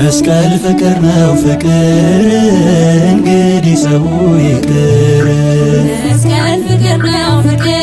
መስቀል ፍቅር ነው ፍቅር እንግዲህ ሰው ይቅር መስቀል ፍቅር ነው ፍቅር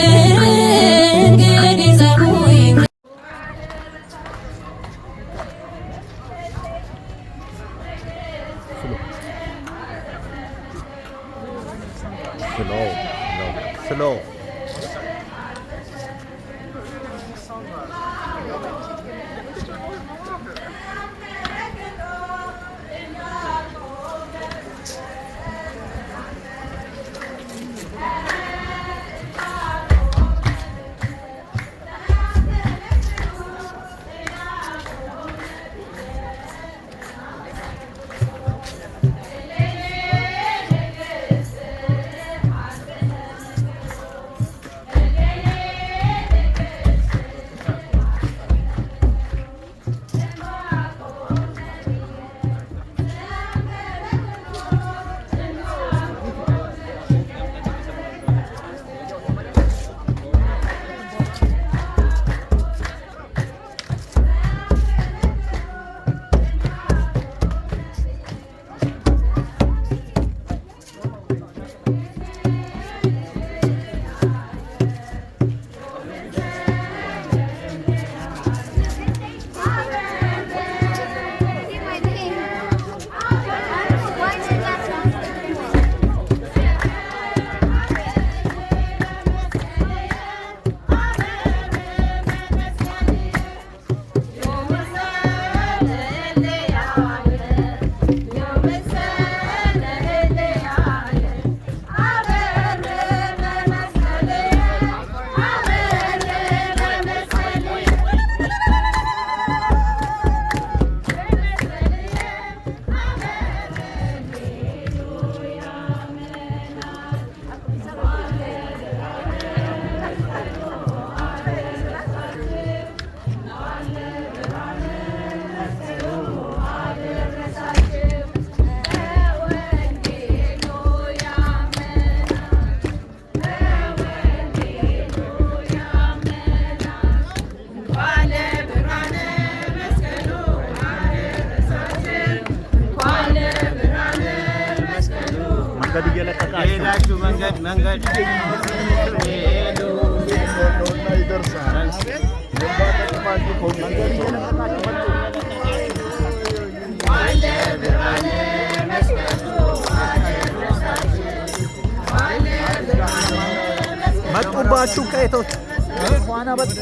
ከሆናችሁ መጡባችሁ ቀይቶች ዋና በጥ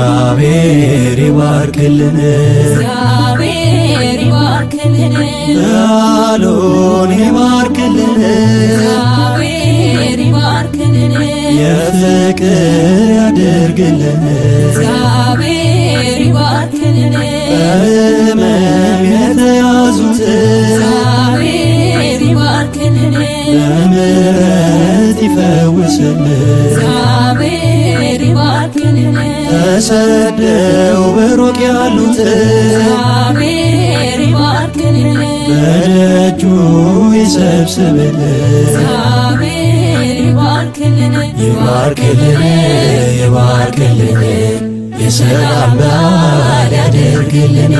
እግዚአብሔር ይባርክልን፣ ቃሉን ይባርክልን፣ የፍቅር ያደርግልን፣ በሕመም የተያዙትን በምሕረት ይፈውስልን ተሰደው በሩቅ ያሉትን በደጁ ይሰብስብልን፣ ይባርክልን፣ ይባርክልን፣ የሰላም በዓል ያደርግልን፣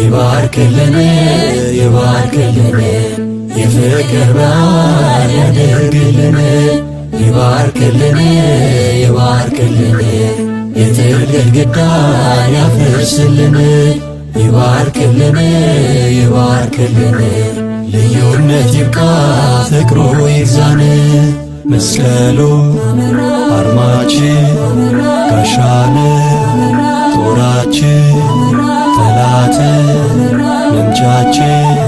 ይባርክልን፣ ይባርክልን፣ የፍቅር በዓል ያደርግልን፣ ይባርክልን፣ ይባርክልን የጥል ግድግዳ ያፍርስልን፣ ይባርክልን፣ ይባርክልን። ልዩነት ይብቃ ፍቅሩ ይግዛን። መስቀሉ አርማችን ጋሻን ጦራችን ጠላት መምቻችን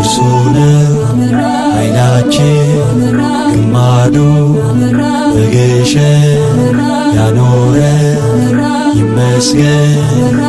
እርሱን When I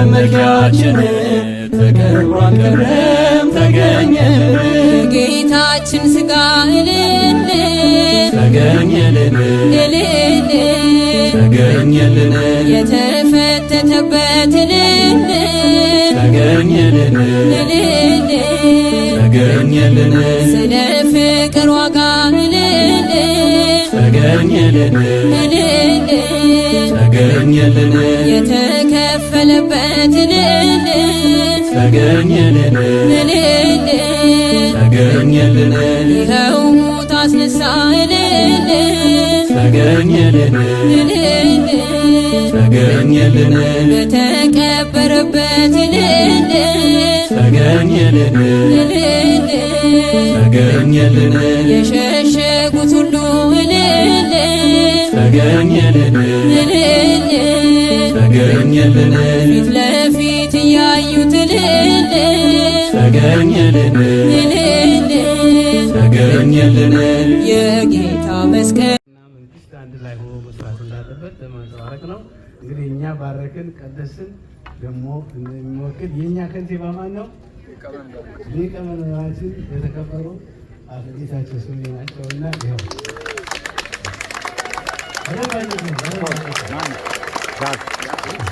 መመኪያችን ተቀርቧን ቀረም ተገኘልን ጌታችን ስጋ እልል ተገኘልን እልል ተገኘልን የተፈተተበት እልል ተገኘልን እልል ተገኘልን ስለ ፍቅር ዋጋ እልል ተገኘልን እልል ተገኘልን የተ የተከፈለበት እልል ተገኘልን እልል ተገኘልን ይኸው ሙት አስነሳ እልል ተገኘልን እልል ተገኘልን በተቀበረበት እልል ተገኘልን እልል ተገኘልን የሸሸጉት ሁሉ እልል ተገኘልን እልል ተገኘልን ፊት ለፊት እያዩት እልል ተገኘልን እልል ተገኘልን የጌታ መስቀል አንድ ላይ መስራት እንዳለበት ለማንጸባረቅ ነው። እንግዲህ እኛ ባረክን ቀደስን ደግሞ እንደሚወክል የእኛ ከንቲባ ማን ነው? ሊቀ የተከበሩ አቶ ጌታቸው ስሜ ናቸውና ይኸው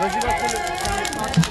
Recep Akgül'ü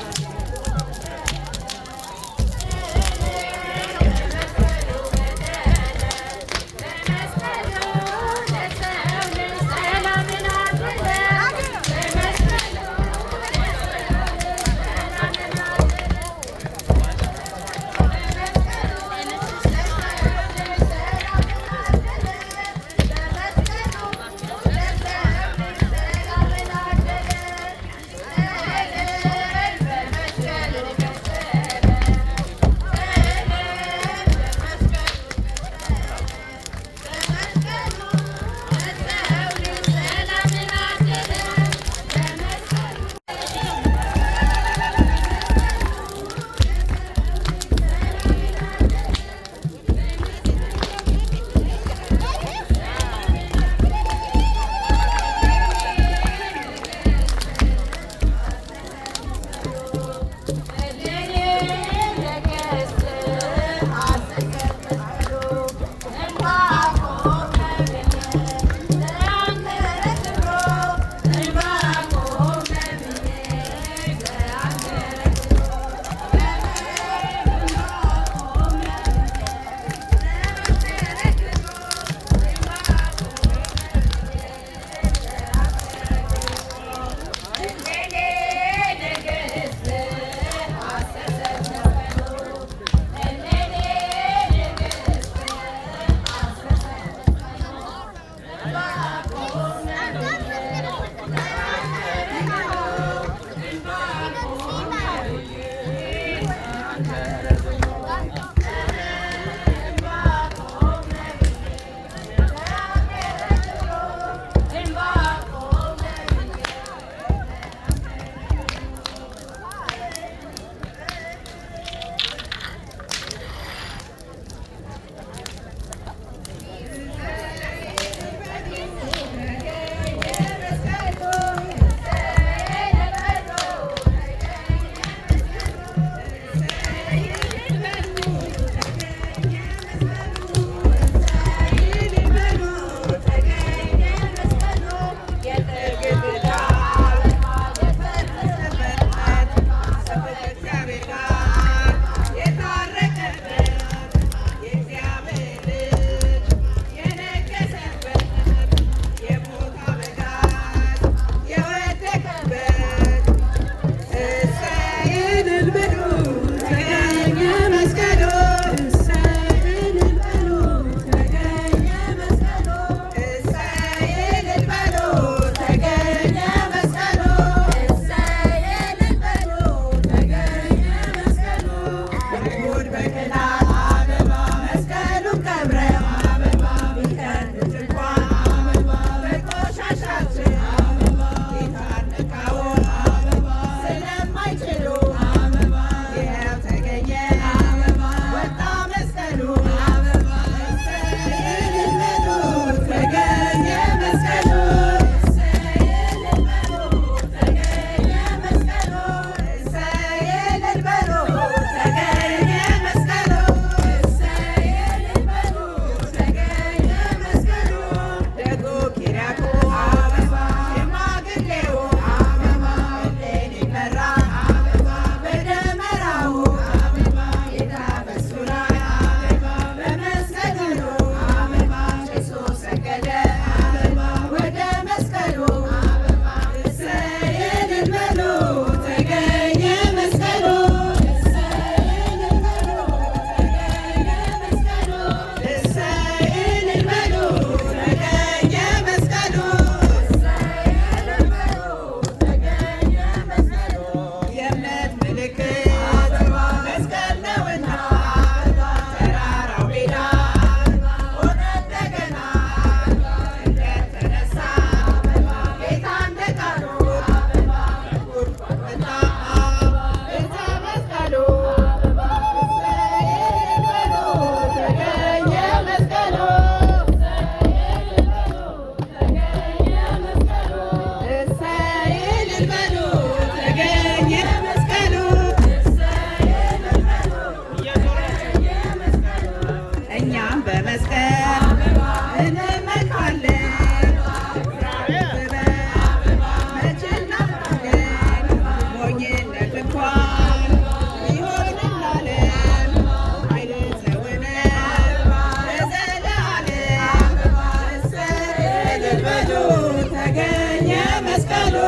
መስቀሉ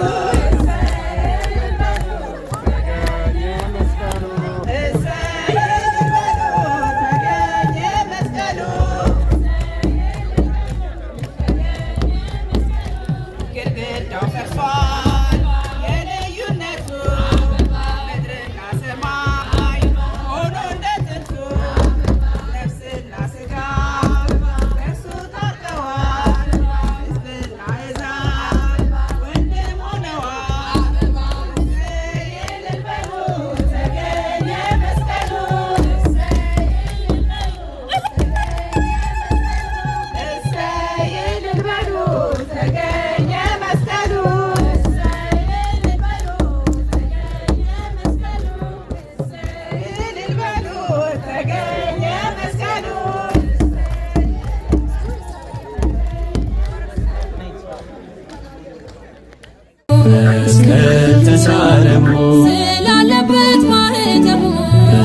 ስላለበት ማህተሙ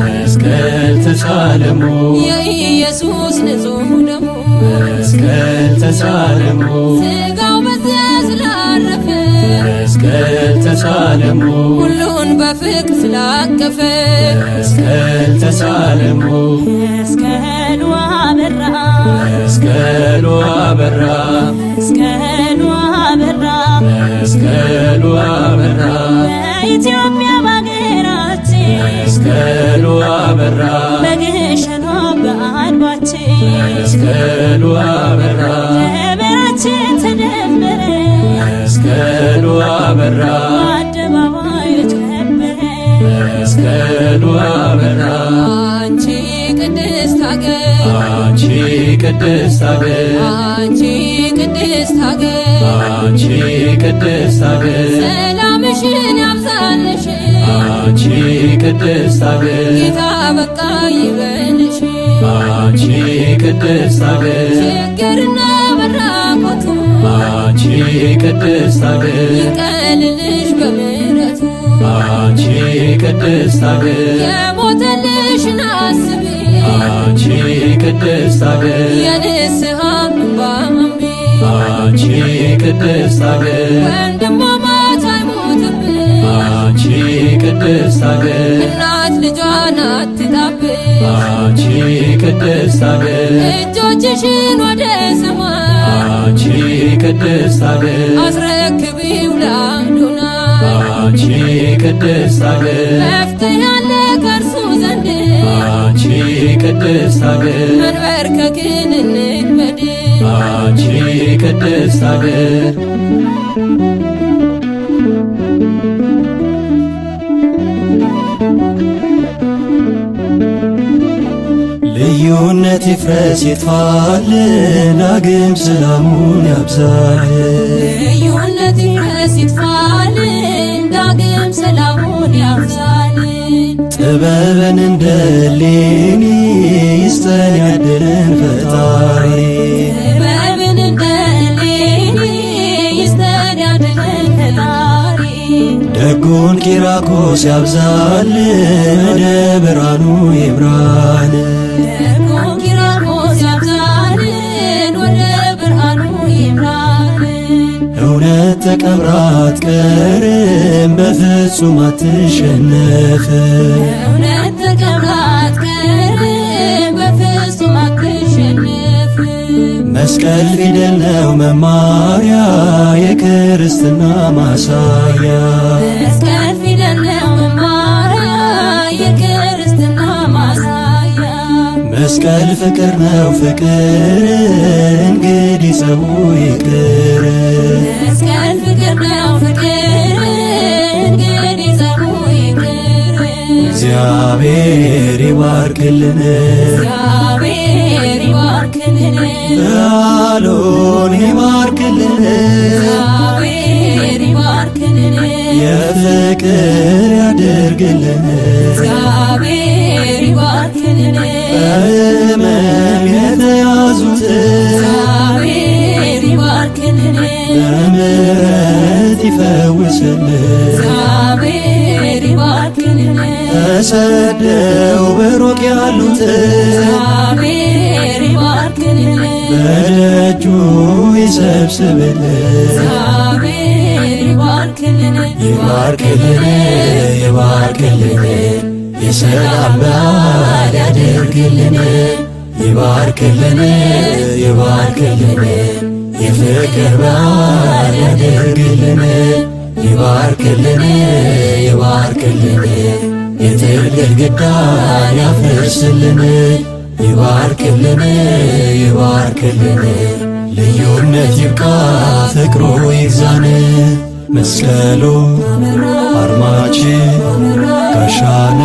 መስቀል ተሳለሙ የኢየሱስ ንጹህ ደሙ መስቀል ተሳለሙ ስጋው በዚያ ስላረፈ መስቀል ተሳለሙ ሁሉን በፍቅር ስላቀፈ መስቀል ተሳለሙ መስቀሉ አበራ መስቀሉ አበራ መስቀሉ አበራ መስቀሉ መስቀሉ አበራ በግሸኗ በአድባችን መስቀሉ አበራ ለበራችን ተደመረ መስቀሉ አበራ አደባባዩ ተከበረ መስቀሉ አበራ አንቺ ቅድስት ሀገር አንቺ ቅድስት ሀገር አንቺ ቅድስት ሀገር አንቺ ቅድስት ሀገር ሰላምሽን አንቺ ቅድስት ሀገር ጌታ በቃ ይበልሽ አንቺ ቅድስት ሀገር ችግርና መራቆቱ አንቺ ቅድስት ሀገር ይጠልልሽ በምሕረቱ አንቺ ቅድስት ሀገር የሞተልሽን አስቢ አንቺ ቅድስት ሀገር የንስሐ እንባ አንቺ ቅድስት ሀገር ወንድሞ አንቺ ቅድስት ሀገር እናት ልጇን አትጣብቅ አንቺ ቅድስት ሀገር እጆችሽን ወደ ሰማይ አንቺ ቅድስት ሀገር አስረክቢው ለአምዶና አንቺ ቅድስት ሀገር መፍትሄ ያለ ከእርሱ ዘንድ አንቺ ቅድስት ሀገር መንበርከክን እንክበድ አንቺ ቅድስት ሀገር ቸርነት ይፍረስ ይጥፋልን፣ ዳግም ሰላሙን ያብዛልን። ልዩነት ይፍረስ ዳግም ሰላሙን ያብዛልን። ጥበብን እንደ ሌኒ ይስጠን ያድልን ፈጣሪ ደጉን ቂራቆስ ያብዛል ወደ ብርሃኑ ተቀብራ አትቀርም በፍጹም አትሸነፍም። መስቀል ፊደል ነው መማሪያ የክርስትና ማሳያ መስቀል ፊደል ነው መስቀል ፍቅር ነው ፍቅር እንግዲህ ሰው ይቅር ፍቅር ነው ፍቅር ግን ይዘሙ ይቅር እግዚአብሔር ይባርክልን እግዚአብሔር ይባርክልን የፍቅር ያድርግልን እግዚአብሔር ይባርክልን እመም የተያዙት ይባርክልን፣ በምሕረት ይፈውስልን፣ እግዚአብሔር ይባርክልን። ተሰደው በሩቅ ያሉት እግዚአብሔር ይባርክልን፣ በደጁ ይሰብስብልን፣ እግዚአብሔር ይባርክልን፣ ይባርክልን፣ የሰላም በዓል ያደርግልን፣ ይባርክልን፣ ይባርክልን የፍቅር ብርሃን ያድርግልን፣ ይባርክልን፣ ይባርክልን፣ የጥል ግድግዳ ያፍርስልን፣ ይባርክልን፣ ይባርክልን። ልዩነት ይብቃ፣ ፍቅሩ ይግዛን፣ መስቀሉ አርማችን፣ ጋሻን፣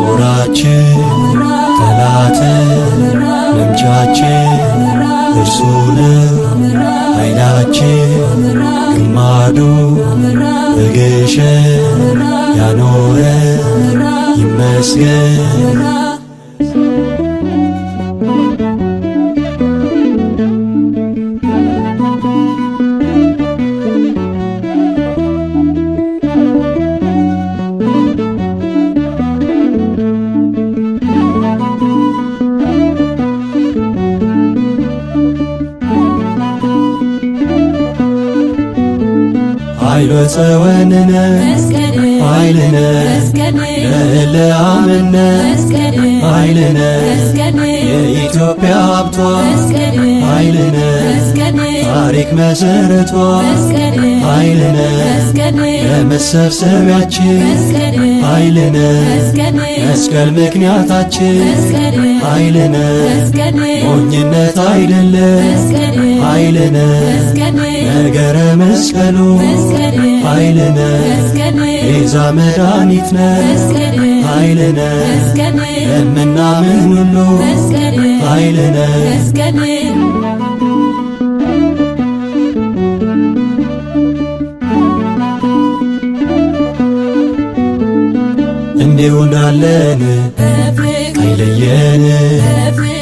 ጦራችን፣ ጠላት መምቻችን እርሱ ነው ግማዶ ግማዱ ያኖረ ይመስገን አይሎተ ወንነ ኃይልነ ለእለ አምነ ኃይልነ የኢትዮጵያ ሀብቷ ኃይልነ ታሪክ መሰረቷ ኃይልነ ለመሰብሰቢያችን ኃይልነ መስቀል ምክንያታችን ኃይልነ ሞኝነት አይደለ ኃይልነ ነገረ መስቀሉ ኃይልነ ቤዛ መድኃኒትነ ኃይልነ ለምናምን ሁሉ ኃይልነ እንዲሁ እንዳለን eyleyene. Hep